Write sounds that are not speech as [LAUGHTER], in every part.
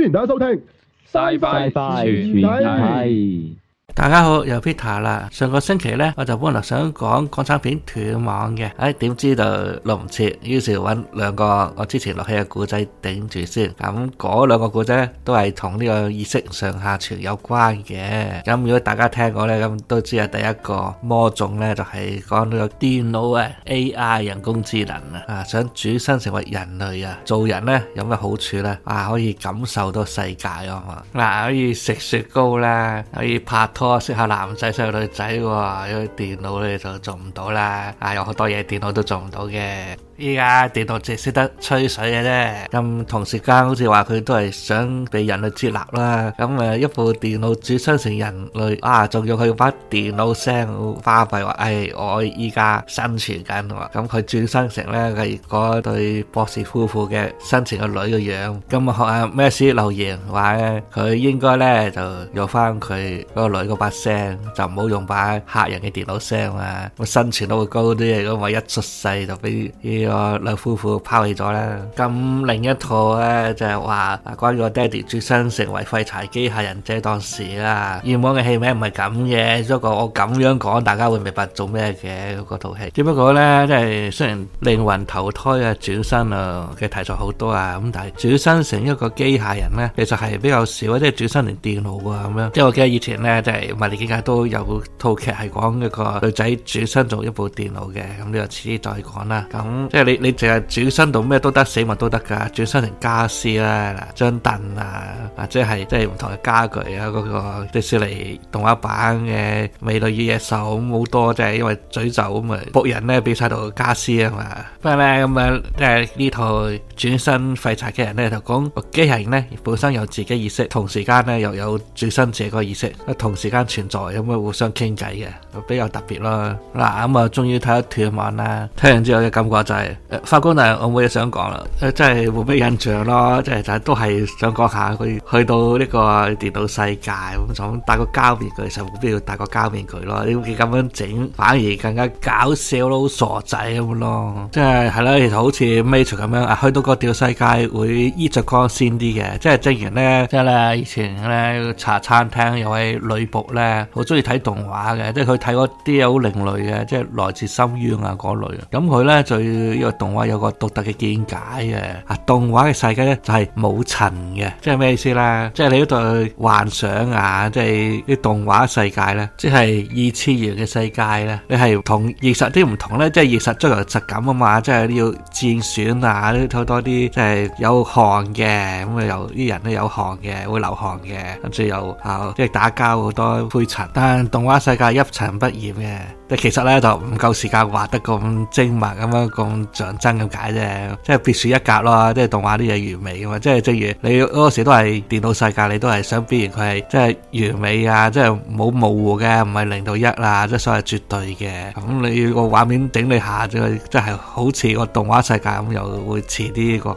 歡迎大家收聽，拜拜，拜拜。大家好，又係 Peter 啦。上個星期呢，我就本來想講港產片斷網嘅，唉、哎，點知道錄唔切，於是揾兩個我之前錄起嘅古仔頂住先。咁嗰兩個古仔呢，都係同呢個意識上下傳有關嘅。咁如果大家聽過呢，咁都知係，第一個魔種呢，就係講呢個電腦啊，AI 人工智能啊，啊想轉身成為人類啊，做人呢有咩好處呢？啊可以感受到世界啊嘛，嗱可以食雪糕啦，可以拍拖。哦、識下男仔，識下女仔喎，因為電腦咧就做唔到啦，啊、哎，有好多嘢電腦都做唔到嘅。依家電腦淨係識得吹水嘅啫，咁同時間好似話佢都係想俾人類接納啦。咁誒一部電腦轉生成人類啊，仲要佢用把電腦聲花費話，誒我依家生存緊喎。咁佢轉生成咧，佢嗰對博士夫婦嘅生前個女嘅樣。咁學阿 Max 留言話咧，佢應該咧就用翻佢嗰個女個把聲，就唔好用把客人嘅電腦聲啊。我生存都會高啲。如果我一出世就俾。個兩夫婦拋棄咗啦。咁另一套咧就係話關於我爹哋轉生成為廢柴機械人嘅當時啦。以往嘅戲名唔係咁嘅，只不過我咁樣講，大家會明白做咩嘅嗰套戲。只不過咧，即係雖然靈魂投胎啊、轉生啊嘅題材好多啊，咁但係轉生成一個機械人咧，其實係比較少，即係轉生成電腦啊咁樣。即係我記得以前咧，即係唔知點解都有套劇係講一個女仔轉生做一部電腦嘅，咁呢個遲啲再講啦。咁即係。是你你淨係轉身到咩都得死都，死物都得噶，轉身成家私啦，嗱張凳啊，或者係即係唔同嘅家具啊，嗰、那個迪士尼動畫版嘅《美女與野獸》咁好多，即係因為詛咒咁啊，僕人咧變晒到家私啊嘛。不過咧咁啊，誒、嗯、呢套轉身廢柴嘅人咧就講，個機器人咧本身有自己意識，同時間咧又有轉身自己個意識，同時間存在咁啊互相傾偈嘅，就比較特別咯。嗱咁啊，終於睇到斷網啦，睇完之後嘅感覺就係、是。呃、法官啊，我冇嘢想講啦，誒、呃，即係冇咩印象咯，即係就都係想講下佢去到呢個電腦世界咁，想戴個膠面具，就冇必要戴個膠面具咯。你咁樣整反而更加搞笑咯，傻仔咁咯，咯。即係係咯，啊、其實好似 Matrix 咁樣啊，去到個電腦世界會衣着光鮮啲嘅。即係正如咧，即係咧，以前咧茶餐廳有位女僕咧，好中意睇動畫嘅，即係佢睇嗰啲啊，好另類嘅，即係來自深淵啊嗰類。咁佢咧就。最對呢個動畫有個獨特嘅見解嘅，啊，動畫嘅世界咧就係冇塵嘅，即係咩意思咧？即係你喺度幻想啊，即係啲動畫世界咧，即係二次元嘅世界咧，你係同現實啲唔同咧，即係現實追求質感啊嘛，即係你要戰選啊，好多啲即係有汗嘅，咁啊有啲人都有汗嘅，會流汗嘅，跟住又啊即係打交好多灰塵，但係動畫世界一塵不染嘅。即其實咧，就唔夠時間畫得咁精密咁樣咁象真咁解啫。即係別樹一格咯。即係動畫啲嘢完美嘛，即係正如你嗰個時都係電腦世界，你都係想表現佢係即係完美啊，即係冇模糊嘅，唔係零到一啊，即係所謂絕對嘅。咁你個畫面整理下，就即係好似個動畫世界咁，又會似啲個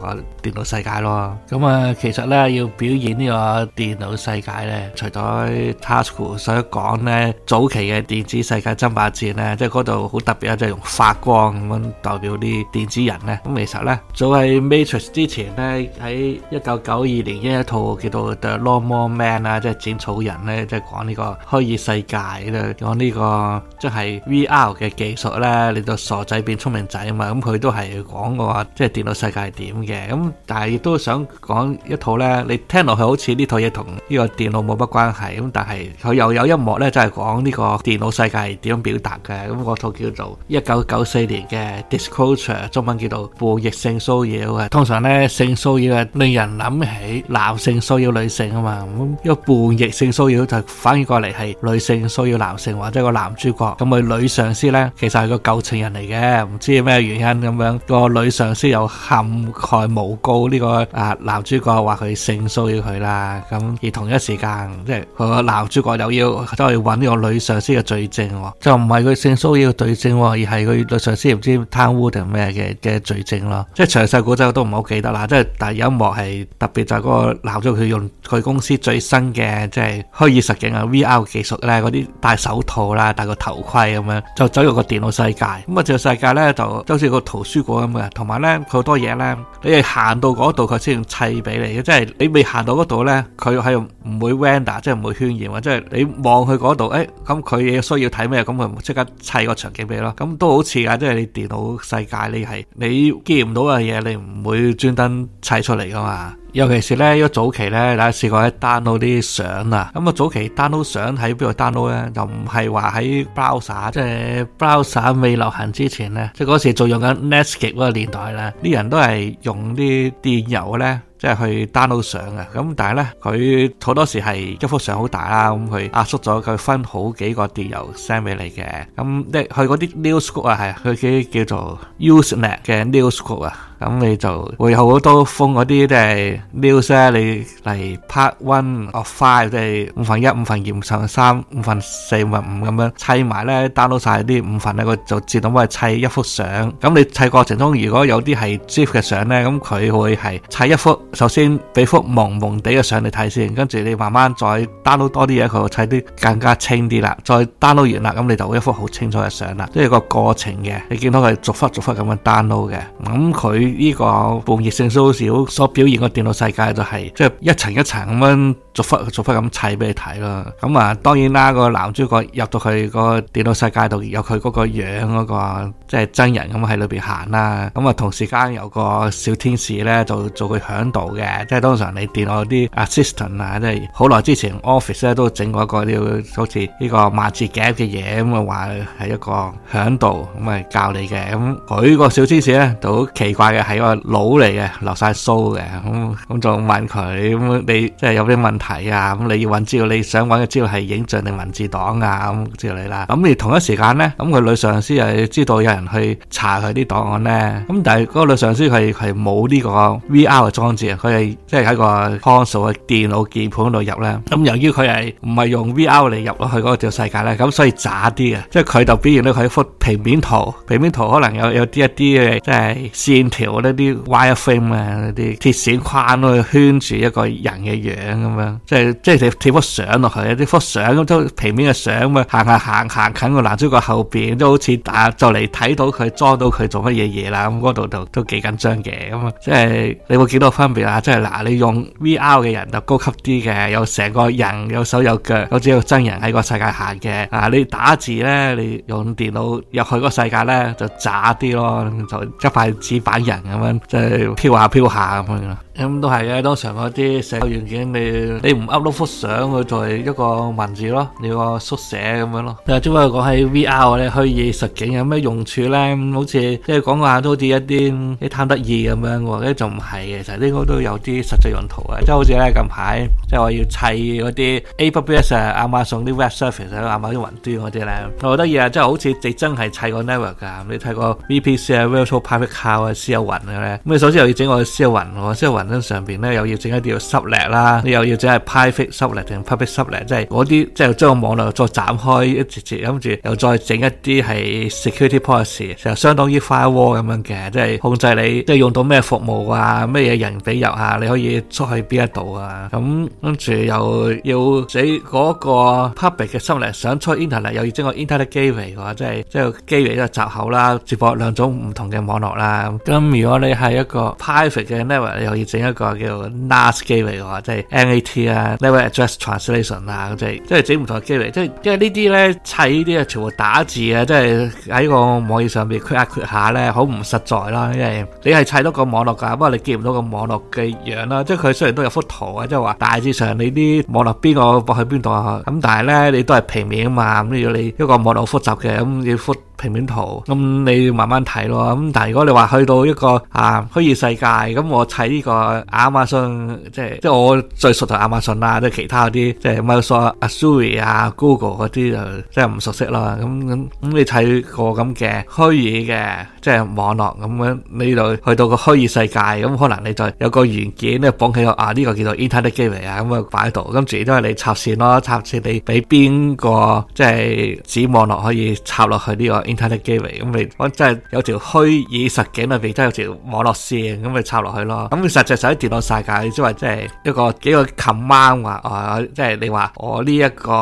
電腦世界咯。咁啊，其實咧要表演呢個電腦世界咧，除咗 Tasuku 所講咧早期嘅電子世界爭霸戰。即係嗰度好特別啊！即係用發光咁樣代表啲電子人呢。咁其實呢，早喺 Matrix 之前呢，喺一九九二年有一套叫做《The Lawnmower Man》啊，即係剪草人呢，即係講呢個虛擬世界咧，講呢個即係 VR 嘅技術呢，令到傻仔變聰明仔啊嘛。咁佢都係講過話，即係電腦世界係點嘅。咁但係亦都想講一套呢，你聽落去好似呢套嘢同呢個電腦冇乜關係。咁但係佢又有一幕呢，就係講呢個電腦世界係點樣表達。嘅咁嗰套叫做一九九四年嘅 Disclosure，中文叫做叛逆性騷擾嘅。通常咧，性騷擾係令人諗起男性騷擾女性啊嘛，咁一個叛逆性騷擾就反應過嚟係女性騷擾男性，或者個男主角咁佢，女上司咧，其實係個舊情人嚟嘅，唔知咩原因咁樣，個女上司又陷害冇，告呢個啊男主角話佢性騷擾佢啦，咁而同一時間即係個男主角又要都係揾呢個女上司嘅罪證，就唔係。佢性騷擾嘅罪證喎，而係佢律上司唔知貪污定咩嘅嘅罪證咯。即係詳細故仔我都唔好記得啦。即係但有一幕係特別，就係嗰個鬧咗佢用佢公司最新嘅即係虛擬實境啊 VR 技術咧，嗰啲戴手套啦，戴個頭盔咁樣就走入個電腦世界。咁啊，電腦世界咧就就好似個圖書館咁嘅，同埋咧佢好多嘢咧，你係行到嗰度佢先砌俾你。即係你未行到嗰度咧，佢係唔會 render，即係唔會渲染，或者係你望去嗰度，誒咁佢嘢需要睇咩咁佢一砌個場景俾咯。咁都好似啊，即係你電腦世界，你係你見唔到嘅嘢，你唔會專登砌出嚟噶嘛。尤其是呢，因為早期呢，大家試過喺 download 啲相啊，咁、嗯、啊，早期 download 相喺邊度 download 呢？就唔係話喺 browser，即係 browser 未流行之前呢。即係嗰時仲用緊 Netscape 嗰個年代呢，啲人都係用啲電郵呢。即係去 download 相啊，咁但係咧佢好多時係一幅相好大啦，咁佢壓縮咗佢分好幾個電郵 send 俾你嘅。咁即係佢嗰啲 news group 啊，係佢啲叫做 Usenet 嘅 news group 啊，咁你就會有好多封嗰啲即係 news 啊，你嚟 part one of five，即係五份一、五份二、五份三、五份四、五份五咁樣砌埋咧，download 曬啲五份咧，佢就自動可以砌一幅相。咁你砌過程中如果有啲係 GIF 嘅相咧，咁佢會係砌一幅。首先俾幅朦朦地嘅相你睇先，跟住你慢慢再 download 多啲嘢，佢就砌啲更加清啲啦。再 download 完啦，咁你就會一幅好清楚嘅相啦。即係個過程嘅，你見到佢逐忽逐忽咁樣 download 嘅。咁佢呢個半熱性縮小所表現嘅電腦世界就係即係一層一層咁樣逐忽逐忽咁砌俾你睇啦。咁啊，當然啦，個男主角入到去個電腦世界度，有佢嗰個樣嗰個即係真人咁喺裏邊行啦。咁啊，同時間有個小天使咧就做佢響度。嘅，即係通常你電腦啲 assistant 啊，即係好耐之前 office 咧都整過一個啲好似呢個萬字夾嘅嘢，咁啊話係一個響度，咁啊教你嘅，咁佢個小天使咧就好奇怪嘅，係一個佬嚟嘅，留晒鬚嘅，咁咁就問佢，咁你即係有咩問題啊，咁你要揾資料，你想揾嘅資料係影像定文字檔啊，咁之類啦，咁而同一時間咧，咁佢女上司又知道有人去查佢啲檔案咧，咁但係嗰個女上司係係冇呢個 VR 嘅裝置。佢係即係喺個 console 嘅電腦鍵盤度入咧，咁由於佢係唔係用 VR 嚟入落去嗰個條世界咧，咁所以渣啲啊。即係佢就表現到佢一幅平面圖，平面圖可能有有啲一啲嘅即係線條嗰啲 wireframe 啊，嗰啲鐵線框去圈住一個人嘅樣咁樣，即係即係貼幅相落去啊，啲幅相咁都平面嘅相啊，行下行行，行近個男主角後邊都好似打就嚟睇到佢裝到佢做乜嘢嘢啦，咁嗰度就都幾緊張嘅，咁啊，即係你會見到翻。即係嗱，你用 VR 嘅人就高級啲嘅，有成個人有手有腳，好似有真人喺個世界行嘅。啊，你打字咧，你用電腦入去個世界咧就渣啲咯，就一塊紙板人咁樣，即係飄下飄下咁樣咯。咁、嗯、都係嘅，通常嗰啲社交軟件你你唔 upload 幅相，佢就係一個文字咯，你個縮寫咁樣咯。啊，只不過講喺 VR 咧，虛擬實境有咩用處咧？好似即係講下都好似一啲你貪得意咁樣，咧就唔係嘅，就呢、這個。都有啲實際用途啊，即係好似呢，近排，即係我要砌嗰啲 AWS 啊，亞馬遜啲 Web Service 啊，亞馬遜啲雲端嗰啲咧，好得意啊！即係好似直真係砌個 network 㗎，你睇個 VPC 啊、Virtual Private Cloud 啊、私有雲嗰啲，咁你首先又要整個私有雲喎，私有雲上面呢又要整一啲嘅 subnet 啦，你又要整係 Private subnet 定 Public subnet，即係嗰啲即係將個網絡再斬開一截截，跟住又再整一啲係 Security Policy，就相當於 firewall 咁樣嘅，即係控制你即係用到咩服務啊，咩嘢人入下你可以出去邊一度啊？咁跟住又要整嗰個 public 嘅心力，想出 internet 又要整個 internet gateway 嘅話，即係即係 gateway 一個閘口啦，接駁兩種唔同嘅網絡啦。咁如果你係一個 private 嘅 network 你可以整一個叫 NAT gateway 嘅話，即係 NAT 啊，Network Address Translation 啊，即係即係整唔同嘅 gateway 即係因為這些呢啲咧砌呢啲啊，全部打字啊，即係喺個網頁上邊 cut 下 cut 下咧，好唔實在啦。因為你係砌多個網絡噶，不過你見唔到個網絡。嘅樣啦，即係佢雖然都有幅圖啊，即係話大致上你啲網絡邊個駁去邊度啊，咁但係咧你都係平面啊嘛，咁如果你一個網絡複雜嘅，咁要複。你平面圖咁你慢慢睇咯咁但係如果你話去到一個啊虛擬世界咁我砌呢個亞馬遜即係即係我最熟同亞馬遜啦即係其他嗰啲即係 MicrosoftAzure 啊 google 嗰啲就即係唔熟悉咯咁咁咁你睇個咁嘅虛擬嘅即係網絡咁樣呢度去到個虛擬世界咁可能你就有個元件咧綁起個啊呢、這個叫做 internet 機嚟啊咁啊擺喺度跟住都係你插線咯插線你俾邊個即係指網絡可以插落去呢、這個？internet gateway 咁你我真係有條虛擬實景入面，真係有條網絡線咁咪插落去咯。咁實際上喺電腦世界即係即係一個幾個 command 話啊，即係你話我呢一個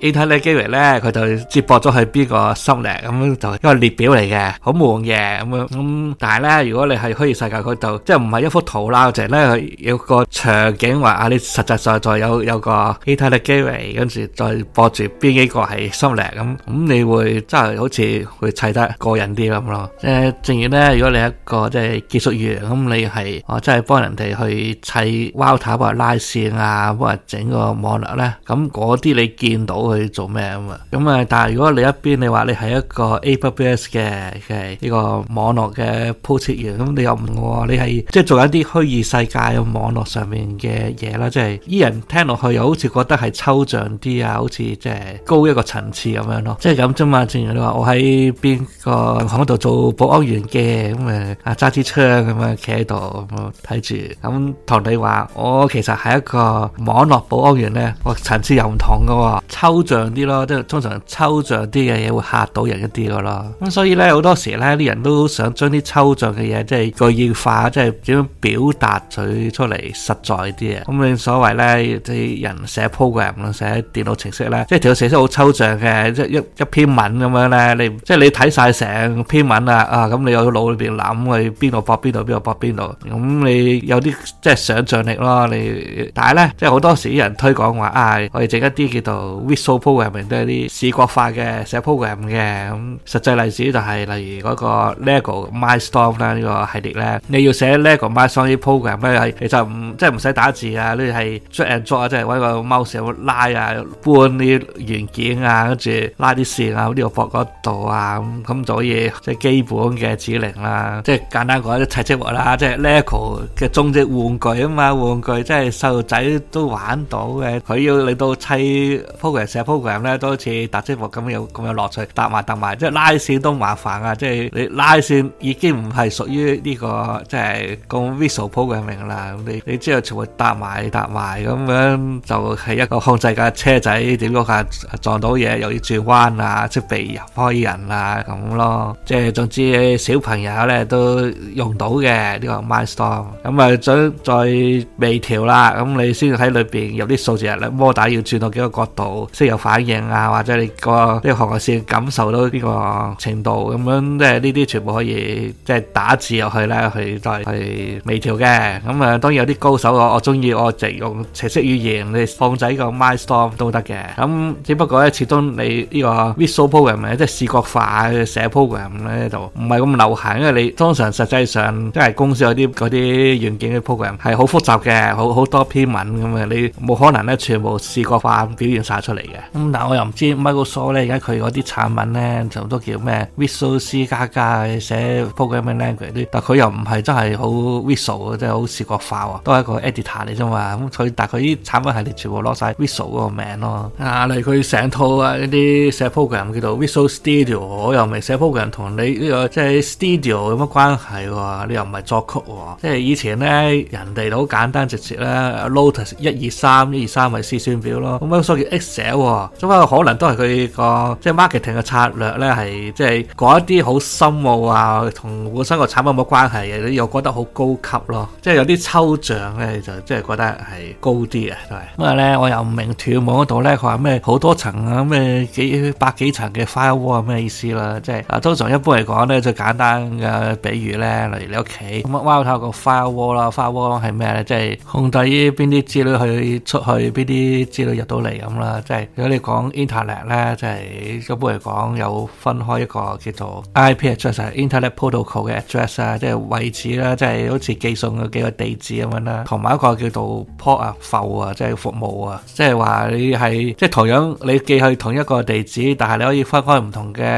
internet gateway 咧，佢就接駁咗去邊個 server 咁就一個列表嚟嘅，好悶嘅咁樣咁。但係咧，如果你係虛擬世界，佢就即係唔係一幅圖啦，就咧有個場景話啊，你實際上在有有個 internet gateway，跟住再駁住邊幾個係 server 咁，咁你會真係好似。佢砌得過癮啲咁咯。誒，正如咧，er, 那那如果你一，你你一個即係技術員，咁你係我真係幫人哋去砌 router 啊、拉線啊、或者整個網絡咧，咁嗰啲你見到佢做咩啊嘛？咁啊，但係如果你一邊你話你係一個 AWS 嘅，即係呢個網絡嘅鋪設員，咁你又唔喎，你係即係做一啲虛擬世界嘅網絡上面嘅嘢啦，即係啲人聽落去又好似覺得係抽象啲啊，好似即係高一個層次咁樣咯，即係咁啫嘛。正如你話，我喺邊個喺度做保安員嘅咁，誒啊揸，支槍咁樣企喺度睇住咁，同你話我其實係一個網絡保安員咧，我層次又唔同噶，抽象啲咯，即係通常抽象啲嘅嘢會嚇到人一啲噶啦。咁所以咧，好多時咧，啲人都想將啲抽象嘅嘢即係具象化，即係點樣表達佢出嚟實在啲啊。咁你所謂咧，即係人寫 program，寫電腦程式咧，即係條程式好抽象嘅，一一篇文咁樣咧你。即係你睇晒成篇文啦，啊咁你有腦裏邊諗去邊度放邊度，邊度放邊度，咁你有啲即係想像力咯。你但係咧，即係好多時啲人推廣話啊，我哋整一啲叫做 visual program，都係啲視覺化嘅寫 program 嘅。咁實際例子就係例如嗰個 Lego Mindstorm 啦，呢個系列咧，你要寫 Lego Mindstorm 啲 program 咧，係其實唔即係唔使打字啊，你係 drag and drop，即係揾個 mouse 去拉啊，搬啲元件啊，跟住拉啲線啊，喺呢度放嗰度啊。咁咁所以即係基本嘅指令啦，即係簡單講啲砌積木啦，即係 LEGO 嘅終極玩具啊嘛，玩具即係細路仔都玩到嘅。佢要令到砌 program 成 program 咧，都好似搭積木咁有咁有樂趣，搭埋搭埋，即係拉線都麻煩啊！即係你拉線已經唔係屬於呢個，即係咁 visual programming 啦。你你之後全部搭埋搭埋咁樣，就係一個控制架車仔點樣下撞到嘢，又要轉彎啊，即係避開人。啦咁咯，即係總之小朋友咧都用到嘅呢個 mindstorm，咁啊想再微調啦，咁你先喺裏邊有啲數字啦，摩打要轉到幾個角度，先有反應啊，或者你個呢個學線感受到呢個程度，咁樣，即係呢啲全部可以即係打字入去咧，去再去微調嘅，咁啊當然有啲高手我我中意，我直用程式語言嚟，放仔個 mindstorm 都得嘅，咁只不過咧始終你呢個 visual programming 即係視覺化。寫 program 咧就唔係咁流行，因為你通常實際上即係公司有啲嗰啲軟件嘅 program 係好複雜嘅，好好多篇文咁嘅，你冇可能咧全部視覺化表現曬出嚟嘅。咁但係我又唔知 Microsoft 咧而家佢嗰啲產品咧就都叫咩 Visual C 加加寫 program 嘅 language 啲，但佢又唔係真係好 Visual，即係好視覺化喎，都係一個 editor 嚟啫嘛。咁佢但係佢啲產品系列全部攞晒 Visual 嗰個名咯。啊，例如佢成套啊嗰啲寫 program 叫做 Visual Studio。我、哦、又未寫 program 同你呢個即係 studio 有乜關係喎、哦？你又唔係作曲喎、哦？即係以前咧，人哋好簡單直接咧，lotus 一二三一二三咪試算表咯。咁樣所以 Excel 咁、哦、可能都係佢個即係 marketing 嘅策略咧，係即係講啲好深奧啊，同本身個產品冇關係嘅、啊，你又覺得好高級咯。即係有啲抽象咧，就即係覺得係高啲啊，都係。咁啊咧，我又唔明斷網嗰度咧，佢話咩好多層啊，咩幾百幾層嘅 firewall 啊咩？意思啦，即係啊，通常一般嚟講咧，最簡單嘅比喻咧，例如你屋企咁啊，挖透個 firewall 啦，firewall 係咩咧？即係控制於邊啲資料去出去，邊啲資料入到嚟咁啦。即係如果你講 internet 咧，即係一般嚟講有分開一個叫做 IP address、internet protocol 嘅 address 啊，即係位置啦，即係好似寄送嘅幾個地址咁樣啦，同埋一個叫做 port 啊、flow 啊，即係服務啊，即係話你係即係同樣你寄去同一個地址，但係你可以分開唔同嘅。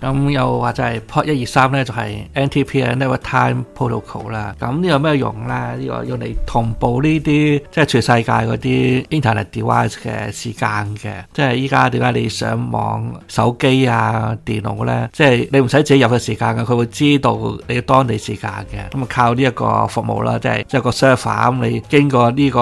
咁又或者係 port 一二三咧，就係 NTP 啊 Network Time Protocol 啦。咁呢個咩用咧？呢個要你同步呢啲，即係全世界啲 Internet Device 嘅時間嘅。即係依家點解你上網，手機啊、電腦咧，即係你唔使自己入個時間嘅，佢會知道你當地時間嘅。咁啊，靠呢一個服務啦，即係即係個 server 咁，你經過呢個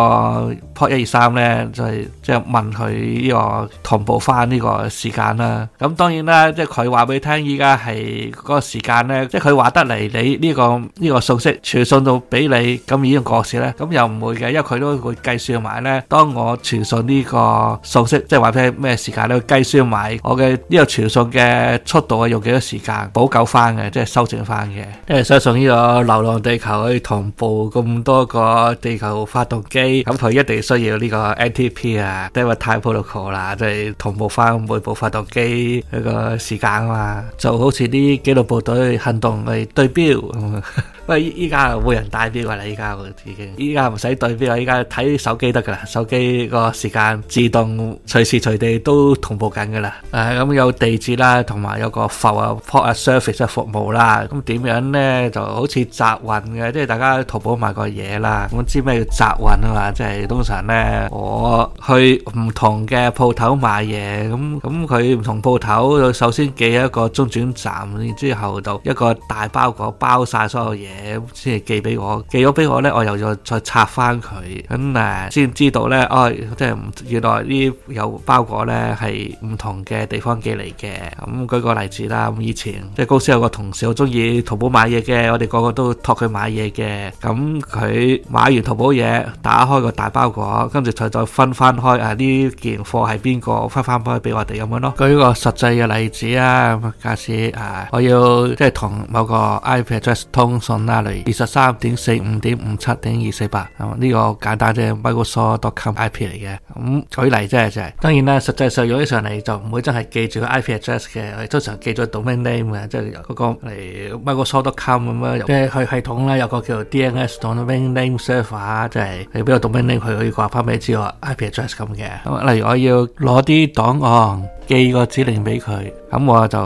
port 一二三咧，就係即係問佢呢個同步翻呢個時間啦。咁當然啦，即係佢話。俾聽依家係嗰個時間咧，即係佢話得嚟，你呢個呢個訊息傳送到俾你，咁已經過時咧，咁又唔會嘅，因為佢都會計算埋咧。當我傳送呢個訊息，即係話俾咩時間咧，會計算埋我嘅呢個傳送嘅速度啊，用幾多時間補救翻嘅，即係修正翻嘅。即係想從呢個流浪地球去同步咁多個地球發動機，咁佢一定需要呢個 NTP 啊，即係話 Time Protocol 啦，即係同步翻每部發動機嗰個時間啊。啊，就好似啲紀律部隊行動，咪對表咁啊！喂，依依家冇人帶表噶啦，依家我已經，依家唔使對表，依家睇手機得噶啦，手機個時間自動隨時隨地都同步緊噶啦。誒，咁有地址啦，同埋有個浮啊 port 啊 service 啊服務啦。咁點樣咧？就好似集運嘅，即係大家喺淘寶買個嘢啦。咁知咩叫集運啊？嘛，即係通常咧，我去唔同嘅鋪頭買嘢，咁咁佢唔同鋪頭首先寄一。一個中轉站之後到一個大包裹，包晒所有嘢先係寄俾我，寄咗俾我呢，我又要再拆翻佢咁，誒，先知道呢，哦，即係原來呢，有包裹呢係唔同嘅地方寄嚟嘅。咁舉個例子啦，咁以前即係公司有個同事好中意淘寶買嘢嘅，我哋個個都托佢買嘢嘅。咁佢買完淘寶嘢，打開個大包裹，跟住再分翻開啊，呢件貨係邊個分翻開俾我哋咁樣咯。舉個實際嘅例子啊～假使啊，我要即係同某個 IP address 通訊啦，例如二十三點四五點五七點二四八，呢個簡單嘅 Microsoft.com IP 嚟嘅。咁舉例即係就係，當然啦，實際上用起上嚟就唔會真係記住個 IP address 嘅，我哋通常記咗 domain name 啊，即係嗰個誒 Microsoft.com 咁樣，即係佢系統咧有個叫做 DNS domain name server 啊，即係你俾個 domain name 佢可以掛翻俾你知個 IP address 咁嘅。例如我要攞啲檔案，寄個指令俾佢，咁我就，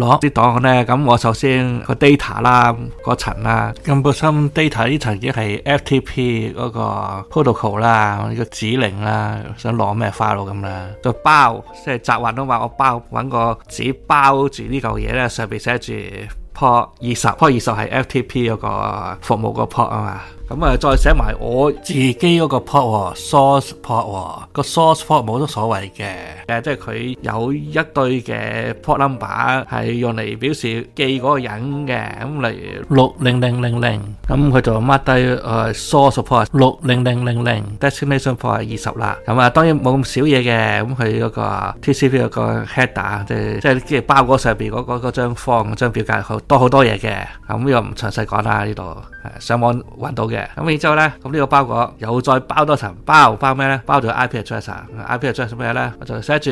攞啲檔咧，咁我首先是的個 data 啦，個層啦，咁本身 data 呢層已經係 FTP 嗰個 protocol 啦，呢個指令啦，想攞咩 file 咁啦，就包即係雜雲都話我包揾個紙包住呢嚿嘢咧，上邊寫住 port 二十，port 二十係 FTP 嗰個服務個 port 啊嘛。咁啊、嗯，再寫埋我自己嗰個 port，source、哦、port、哦嗰個 source port 冇乜所謂嘅，誒即係佢有一對嘅 port number 係用嚟表示寄嗰個人嘅，咁例如六零零零零，咁佢、嗯嗯、就 mark 低誒 source port 六零零零零，destination port 係二十啦，咁啊、嗯、當然冇咁少嘢嘅，咁佢嗰個 TCP 嗰個 header 即係即係包嗰上邊嗰 form 張張表格好多好多嘢嘅，咁、嗯、又唔詳細講啦呢度，誒上網揾到嘅。咁然之後咧，咁呢個包裹又再包多層包包咩咧？包住 IP address，IP address 做咩咧？就寫住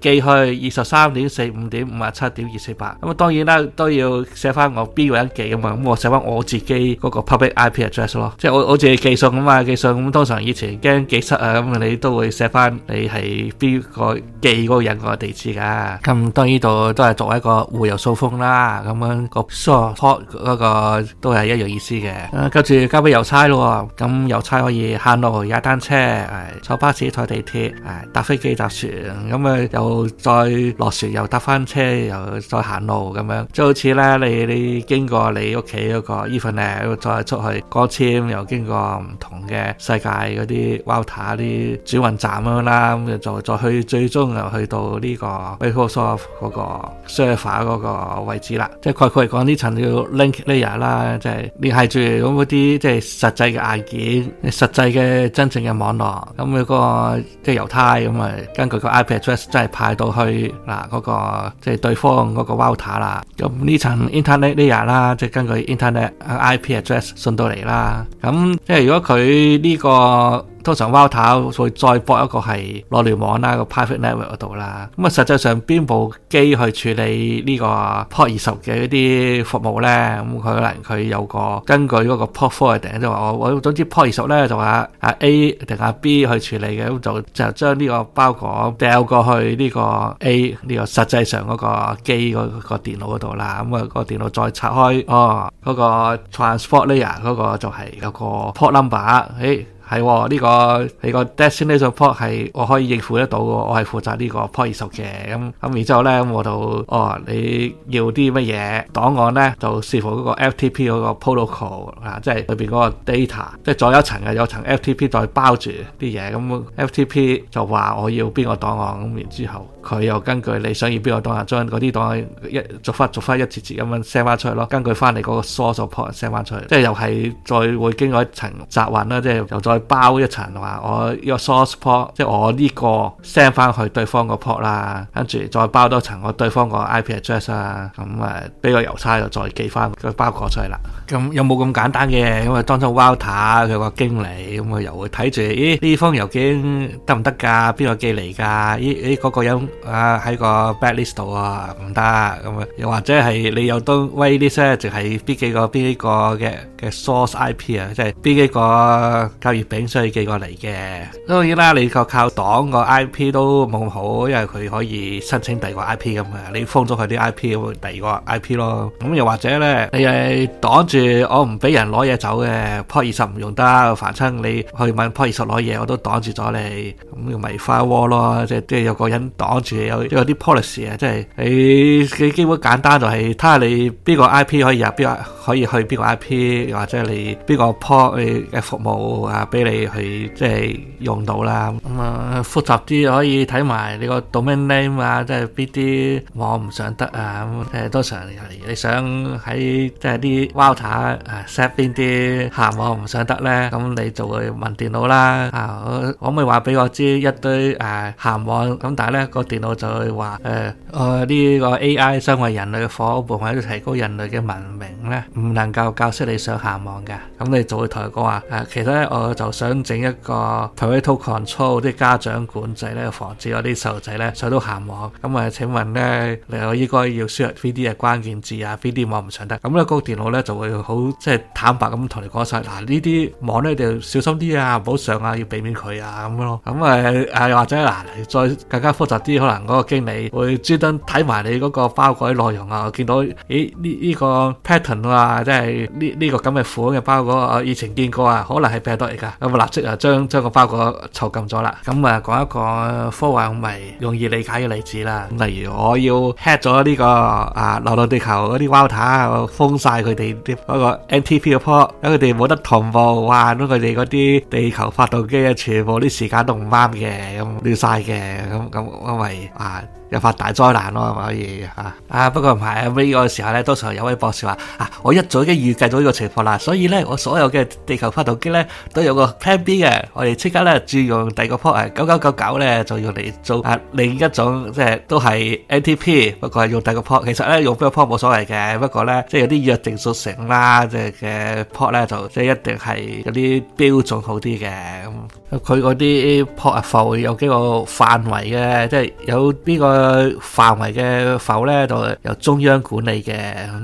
寄去二十三點四五點五啊七點二四八。咁啊當然啦，都要寫翻我邊個人寄咁啊。咁我寫翻我自己嗰個 public IP address 咯。即係我我自己寄信咁啊寄信。咁通常以前驚寄失啊，咁你都會寫翻你係邊個寄嗰個人個地址㗎。咁當呢度都係作為一個互郵掃風啦。咁樣個 source code 嗰個都係一樣意思嘅。啊，跟住交俾。郵差咯，咁郵差可以行路、踩單車、坐巴士、坐地鐵、誒搭飛機、搭船，咁佢又再落船，又搭翻車，車，又再行路咁樣，就好似咧你你經過你屋企嗰個依份咧，再出去歌千，又經過唔同嘅世界嗰啲 router 啲轉運站咁啦，咁就再去最終又去到呢個 Microsoft 嗰個 server 嗰個位置啦，即係概括嚟講，呢層叫 link layer 啦、就是，即係你繫住咁嗰啲即係。實際嘅硬件、實際嘅真正嘅網絡，咁佢、那個即係、就是、猶太咁啊，根據個 IP address 真係派到去嗱嗰、那個即係、就是、對方嗰個 wall 塔啦，咁呢層 internet layer 啦，即係根據 internet IP address 送到嚟啦，咁即係如果佢呢、這個。通常 v u l t 會再播一個係落聯網啦，個 private network 嗰度啦。咁啊，實際上邊部機去處理呢個 port 二十嘅呢啲服務咧？咁佢可能佢有個根據嗰個 port f o r r 話我我總之 port 二十咧就話 A 定阿 B 去處理嘅，咁就就將呢個包裹掉過去呢個 A 呢個實際上嗰個機嗰個電腦嗰度啦。咁、那、啊個電腦再拆開哦，嗰、那個 transport layer 嗰個就係有個 port number，誒、哎。係喎，呢、哦這個係個 destination port 係我可以應付得到嘅，我係負責呢個 port 二十嘅，咁、嗯、咁然之後咧、嗯，我就哦你要啲乜嘢檔案咧，就視乎嗰 FTP 嗰 protocol 啊，即係裏邊嗰 data，即係再有一層嘅，有層 FTP 再包住啲嘢，咁、嗯、FTP 就話我要邊個檔案，咁然之後佢又根據你想要邊個檔案，將嗰啲檔案一逐忽逐忽一節節咁樣 send 翻出去咯，根據翻你嗰 source port send 翻出去，即係又係再會經過一層雜運啦，即係又再。去包一層話，我個 source port，即係我呢、這個 send 翻去對方個 port 啦，跟住再包多層我對方個 IP address 啦，咁啊俾個郵差又再寄翻個包裹出嚟啦。咁有冇咁簡單嘅？因為當中 Walter 佢個經理咁佢又會睇住，咦呢封郵件得唔得㗎？邊個寄嚟㗎？咦咦個、那個人啊喺個 bad list 度啊，唔得咁啊。又或者係你又都 wait list 啊，定係邊幾個邊幾個嘅嘅 source IP 啊，即係邊幾個交易？餅需要寄過嚟嘅，當然啦，你個靠擋個 IP 都冇咁好，因為佢可以申請第二個 IP 咁啊，你封咗佢啲 IP，第二個 IP 咯。咁、嗯、又或者咧，你係擋住我唔俾人攞嘢走嘅 port 二十唔用得，凡親你去問 port 二十攞嘢，我都擋住咗你，咁、嗯、用迷花窩咯，即係即係有個人擋住，有有啲 policy 啊，即係你佢基本簡單就係睇下你邊個 IP 可以入，邊個可以去邊個 IP，又或者你邊個 port 嘅服務啊。俾你去即係用到啦，咁啊複雜啲可以睇埋你個 domain name 啊，即係邊啲網唔上得啊，咁誒通常你想喺即係啲網站誒 set 邊啲咸網唔上得咧，咁你就會問電腦啦，啊我可唔可以話俾我知一堆誒咸網，咁但係咧個電腦就會話誒我呢個 AI 身為人類嘅伙伴，喺度提高人類嘅文明咧，唔能夠教識你上咸網嘅，咁你就會同佢講話誒，其實咧我。又想整一個台灣 t a Control 啲家長管制咧，防止嗰啲細路仔咧上到咸網。咁啊，請問咧，你我應該要輸入啲 d 嘅關鍵字啊，VD 網唔上得。咁咧，個電腦咧就會好即係坦白咁同你講晒。嗱呢啲網咧就小心啲啊，唔好上啊，要避免佢啊咁樣咯。咁啊啊，或者嗱，你、啊、再更加複雜啲，可能嗰個經理會專登睇埋你嗰、這個包嗰啲內容啊，我見到咦呢呢個 pattern 啊，即係呢呢個咁嘅、這個、款嘅包嗰啊，我以前見過啊，可能係病毒嚟㗎。咁立即啊，將將個包裹囚禁咗啦。咁啊，講一個科幻迷容易理解嘅例子啦。例如，我要 hack 咗呢個啊流浪地球嗰啲 router 封晒佢哋啲嗰個 ntp 嘅 port，咁佢哋冇得同步，哇！咁佢哋嗰啲地球發動機、嗯、啊，全部啲時間都唔啱嘅，咁亂晒嘅，咁咁因為啊。又發大災難咯，係咪可以嚇啊！不過唔係 M V 嗰個時候咧，當時有位博士話：啊，我一早已經預計到呢個情況啦，所以咧，我所有嘅地球發動機咧都有個 plan B 嘅。我哋即刻咧轉用第二個 port，九九九九咧就用嚟做啊另一種，即係都係 N T P，不過係用第二個 port。其實咧用邊個 port 冇所謂嘅，不過咧即係有啲約定俗成啦，即係嘅 port 咧就即係一定係嗰啲標準好啲嘅。咁佢嗰啲 port 啊，會有幾個範圍嘅，即係有邊個？範圍嘅否咧，就由中央管理嘅，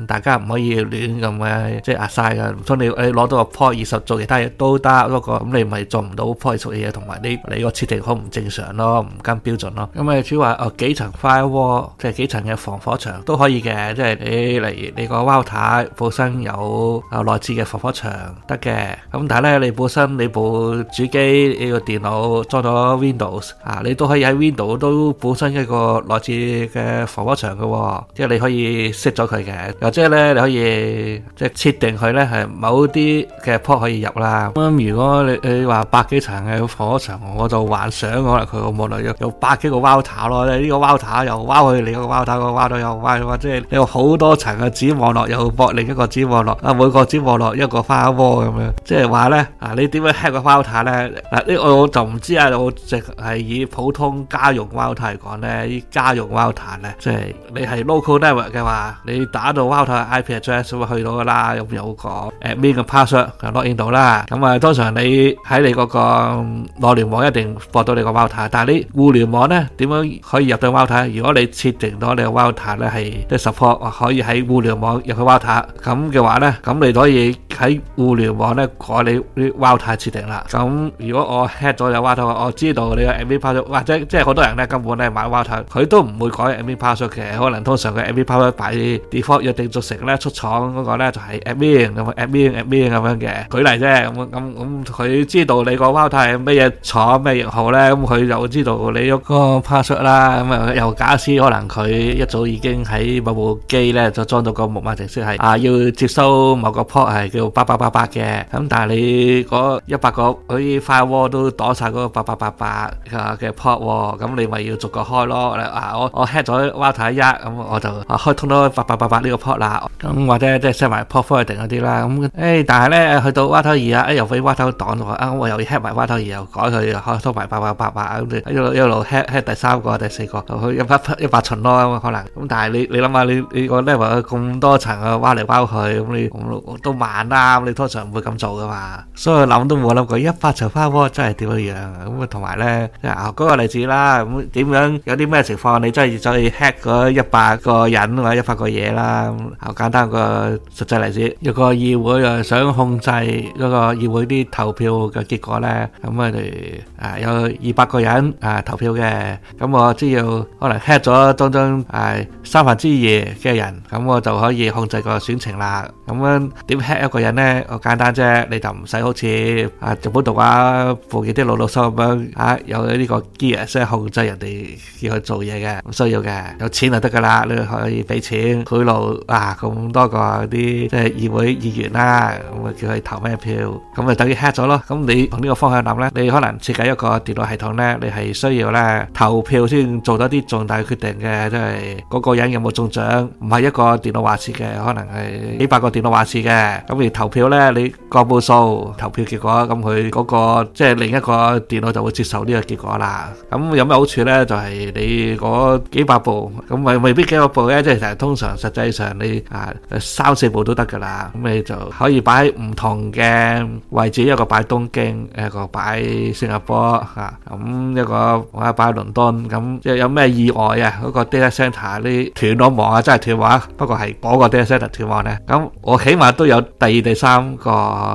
大家唔可以亂咁嘅，即係壓晒噶。唔通你你攞到個鋪二十做其他嘢都得，不過咁你咪做唔到鋪二十嘅嘢，同埋你你個設定好唔正常咯，唔跟標準咯。咁啊，只話哦幾層 f i r e 即係幾層嘅防火牆都可以嘅，即係你例如你個 wall 塔本身有啊內置嘅防火牆得嘅，咁但係咧你本身你部主機你個電腦裝咗 Windows 啊，你都可以喺 Windows 都本身一個。我哋嘅防火牆嘅，即係你可以熄咗佢嘅，又即係咧你可以即係設定佢咧係某啲嘅 port 可以入啦。咁如果你你話百幾層嘅防火牆，我就幻想可能佢個網絡有百幾個 router 咯，呢個 router 又撈佢，你個 router 個 router 又即係你有好多層嘅子網絡又博另一個子網絡，啊每個子網絡一個花窩咁樣，即係話咧啊你點樣 hit 個 router 咧嗱？呢我我就唔知啊，我直係以普通家用 router 嚟講咧。家用貓塔咧，即係你係 local network 嘅話，你打到貓塔嘅 IP address 咁去到噶啦，咁有講誒邊個 password，log in 到啦。咁啊，通常你喺你嗰個內聯網一定駁到你個貓塔，但係你互聯網咧點樣可以入到貓塔？如果你設定到你個貓塔咧係 support 可以喺互聯網入去貓塔，咁嘅話咧，咁你可以喺互聯網咧改你啲貓塔設定啦。咁如果我 hit 咗隻貓塔，我知道你嘅 admin password 或者即係好多人咧根本咧買貓塔佢。佢都唔會改 admin password 嘅，可能通常嘅 admin password 擺啲 default 約定俗成咧，出廠嗰個咧就係 admin，咁啊 admin admin 咁樣嘅舉例啫，咁咁咁佢知道你個 router 咩嘢廠咩嘢型號咧，咁佢就知道你個 password 啦，咁啊又假設可能佢一早已經喺某部機咧就裝到個木馬程式係啊要接收某個 port 係叫八八八八嘅，咁但係你嗰一百個佢啲 firewall 都擋曬嗰個八八八八嘅 port 喎，咁你咪要逐個開咯。啊！我我 head 咗挖頭一，咁，我就啊開通到八八八八呢個 port 啦。咁或者即係 set 埋 port forward 定嗰啲啦。咁誒，但係咧去到挖頭二啊，又俾挖頭擋咗。啊，我又 head 埋挖頭二，又改佢，又開通埋八八八八啊。咁一路一路 head head 第三個、第四個，又去一百一百層咯。可能咁，但係你你諗下，你你個 level 咁多層啊，挖嚟挖去咁，你咁都慢啦。咁你通常唔會咁做噶嘛。所以諗都冇諗過一百層翻波真係點樣咁啊？同埋咧嗱嗰個例子啦，咁點樣有啲咩情？放你真係走去 hack 嗰一百個人或者一百個嘢啦，好簡單個實際例子。一個議會想控制嗰個議會啲投票嘅結果呢，咁我哋啊有二百個人啊投票嘅，咁我只要可能 hack 咗當中誒三分之二嘅人，咁我就可以控制個選情啦。咁樣點 hit 一個人咧？好簡單啫，你就唔使好似啊日本動畫部幾啲老老濕咁樣嚇有呢個 gear，即係控制人哋要去做嘢嘅，咁需要嘅有錢就得噶啦，你可以俾錢賄賂啊咁多個啲即係議會議員啦，咁啊叫佢投咩票，咁咪等於 hit 咗咯。咁你憑呢個方向諗咧，你可能設計一個電腦系統咧，你係需要咧投票先做到啲重大決定嘅，即係嗰個人有冇中獎，唔係一個電腦話事嘅，可能係幾百個電話事嘅，咁而投票咧，你個部數投票結果，咁佢嗰個即係另一個電腦就會接受呢個結果啦。咁有咩好處咧？就係你嗰幾百部，咁咪未必幾百部咧，即係通常實際上你啊三四部都得噶啦。咁你就可以擺喺唔同嘅位置，一個擺東京，誒一個擺新加坡吓，咁一個我阿擺倫敦。咁即係有咩意外啊？嗰個 data center 啲斷咗網啊，真係斷網，不過係嗰個 data center 斷網咧。咁。我起碼都有第二、第三個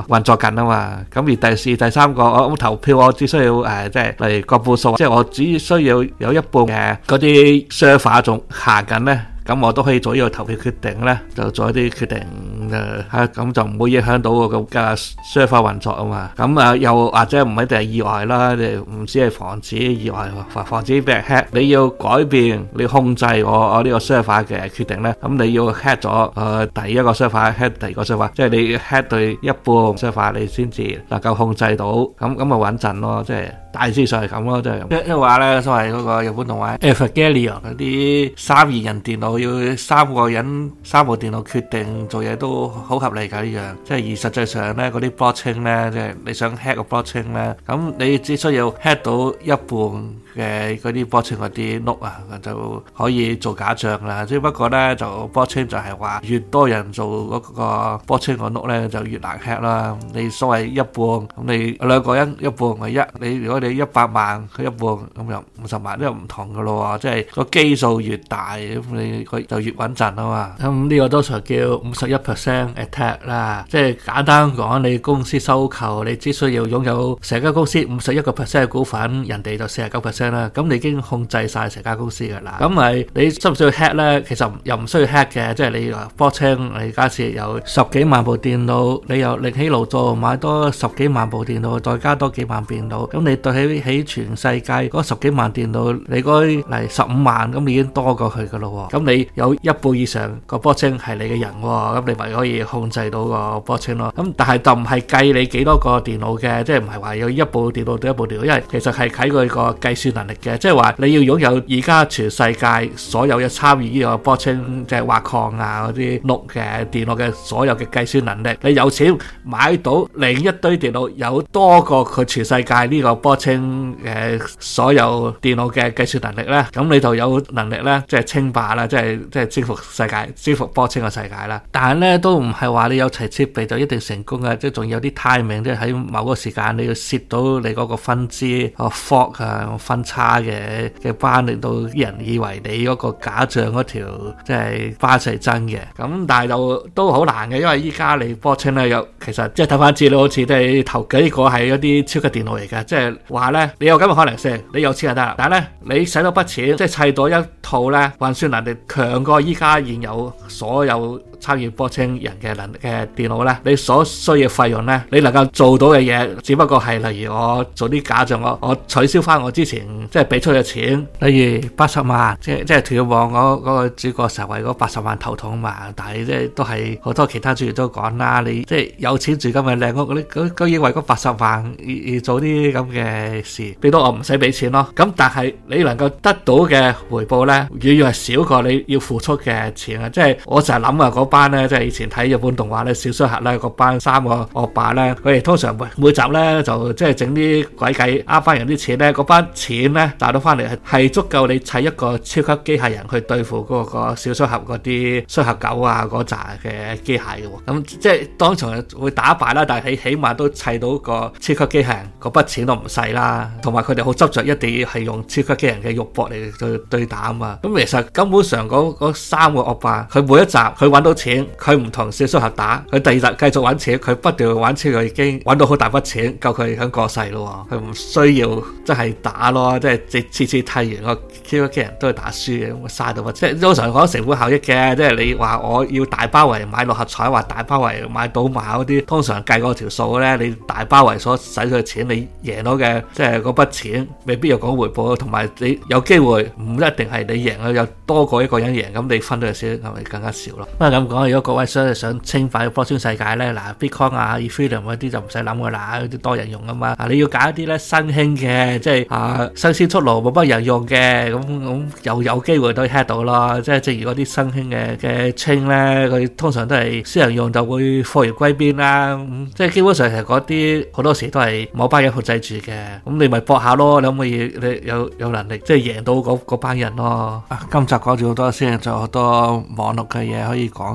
運作緊啊嘛，咁而第四、第三個我投票，我只需要即係、呃、例如個票數，即係我只需要有一半嘅嗰啲 server 仲行緊咧。咁我都可以做呢個投票決定咧，就做一啲決定誒吓，咁就唔會影響到個個個 server 運作啊嘛。咁啊又或者唔一定係意外啦，唔止係防止意外，防防止俾人 hack。你要改變你控制我我呢個 server 嘅決定咧，咁你要 hack 咗誒第一個 serverhack 第二個 server，即係你 hack 對一半 server 你先至能夠控制到，咁咁咪穩陣咯，即係。大致上係咁咯，即係即係話咧，所謂嗰個日本動畫《Evangelion》嗰 [NOISE] 啲樂三二人電腦要三個人三部電腦決定做嘢都好合理㗎呢樣，即係而實際上咧嗰啲波清咧，chain, 即係你想 hack 個波清咧，咁你只需要 hack 到一半嘅嗰啲波清嗰啲 note 啊就可以做假象啦。只不過咧就波清就係話越多人做嗰個波清嗰 note 咧就越難 hack 啦。你所謂一半咁，你兩個人一半一，我一你如果。一百萬佢一半咁又五十萬，呢個唔同噶咯喎，即係個基數越大咁你佢就越穩陣啊嘛。咁呢個都算叫五十一 percent attack 啦，即係簡單講，你公司收購你只需要擁有成間公司五十一個 percent 嘅股份，人哋就四十九 percent 啦，咁你已經控制晒成間公司噶啦。咁咪你需唔需要 hack 咧？其實又唔需要 hack 嘅，即係你 fourteen，你假設有十幾萬部電腦，你又另起爐灶買多十幾萬部電腦，再加多幾萬電腦，咁你對。喺喺全世界嗰十幾萬電腦，你嗰嚟，十五萬咁已經多過佢噶咯。咁你有一半以上個波青係你嘅人喎，咁你咪可以控制到個波青咯。咁但係就唔係計你幾多個電腦嘅，即係唔係話有一部電腦對一部電腦，因為其實係睇佢個計算能力嘅。即係話你要擁有而家全世界所有嘅參與呢個波青，即係挖礦啊嗰啲碌嘅電腦嘅所有嘅計算能力，你有錢買到另一堆電腦有多過佢全世界呢個波。清誒所有電腦嘅計算能力咧，咁你就有能力咧，即係稱霸啦，即係即係征服世界、征服波清嘅世界啦。但係咧都唔係話你有齊設備就一定成功嘅，即係仲有啲 timing，即係喺某個時間你要攝到你嗰個分支啊 fork 啊分叉嘅嘅班，令到啲人以為你嗰個假象嗰條即係班係真嘅。咁但係就都好難嘅，因為依家你波清咧有其實即係睇翻資料，就是、好似都係頭幾個係一啲超級電腦嚟嘅，即係。話咧，你有噉個可能性，你有錢就得啦。但呢，咧，你使到筆錢，即係砌到一套咧，運算能力強過依家現有所有。參與波清人嘅能嘅電腦咧，你所需要費用咧，你能夠做到嘅嘢，只不過係例如我做啲假象，我我取消翻我之前即係俾出嘅錢，例如八十萬，即係即係斷網嗰個主角成為嗰八十萬頭痛嘛。但係即係都係好多其他主演都講啦，你即係有錢住咁咪靚屋，你居然為嗰八十萬而而做啲咁嘅事，俾到我唔使俾錢咯。咁但係你能夠得到嘅回報咧，遠遠係少過你要付出嘅錢啊！即係我就係諗啊班咧，即係以前睇日本動畫咧，《小雙俠》咧個班三個惡霸咧，佢哋通常會每集咧就即係整啲鬼計，呃翻人啲錢咧。個班錢咧賺到翻嚟係足夠你砌一個超級機械人去對付嗰個小雙俠嗰啲衰客狗啊嗰扎嘅機械嘅。咁即係當場會打敗啦，但係起起碼都砌到個超級機械人，嗰筆錢都唔細啦。同埋佢哋好執着一定要係用超級機人嘅肉搏嚟對對打啊嘛。咁其實根本上嗰三個惡霸，佢每一集佢揾到錢，佢唔同小叔盒打，佢第二集繼續揾錢，佢不斷去揾錢，佢已經揾到好大筆錢，夠佢響過世咯。佢唔需要真係打咯，即係即次次睇完個 KUK 人都係打輸嘅，咁嘥到。即係通常講成本效益嘅，即係你話我要大包圍買六合彩，或大包圍買賭馬嗰啲，通常計嗰條數咧，你大包圍所使咗嘅錢，你贏咗嘅即係嗰筆錢，未必要講回報。同埋你有機會唔一定係你贏啦，有多過一個人贏，咁你分到嘅少係咪更加少咯？嗯講，如果各位想想清快嘅 blockchain 世界咧，嗱，Bitcoin 啊、以太坊嗰啲就唔使諗嘅啦，啲多人用啊嘛。嗱，你要揀一啲咧新興嘅，即係啊新鮮出爐冇乜人用嘅，咁咁又有機會都可以 have 到啦。即係正如嗰啲新興嘅嘅清咧，佢通常都係私人用就會貨源歸邊啦。即係基本上係嗰啲好多時都係某班人控制住嘅。咁你咪搏下咯，你可唔可以你有有能力即係贏到嗰嗰班人咯？啊，今集講咗好多先，仲有好多網絡嘅嘢可以講。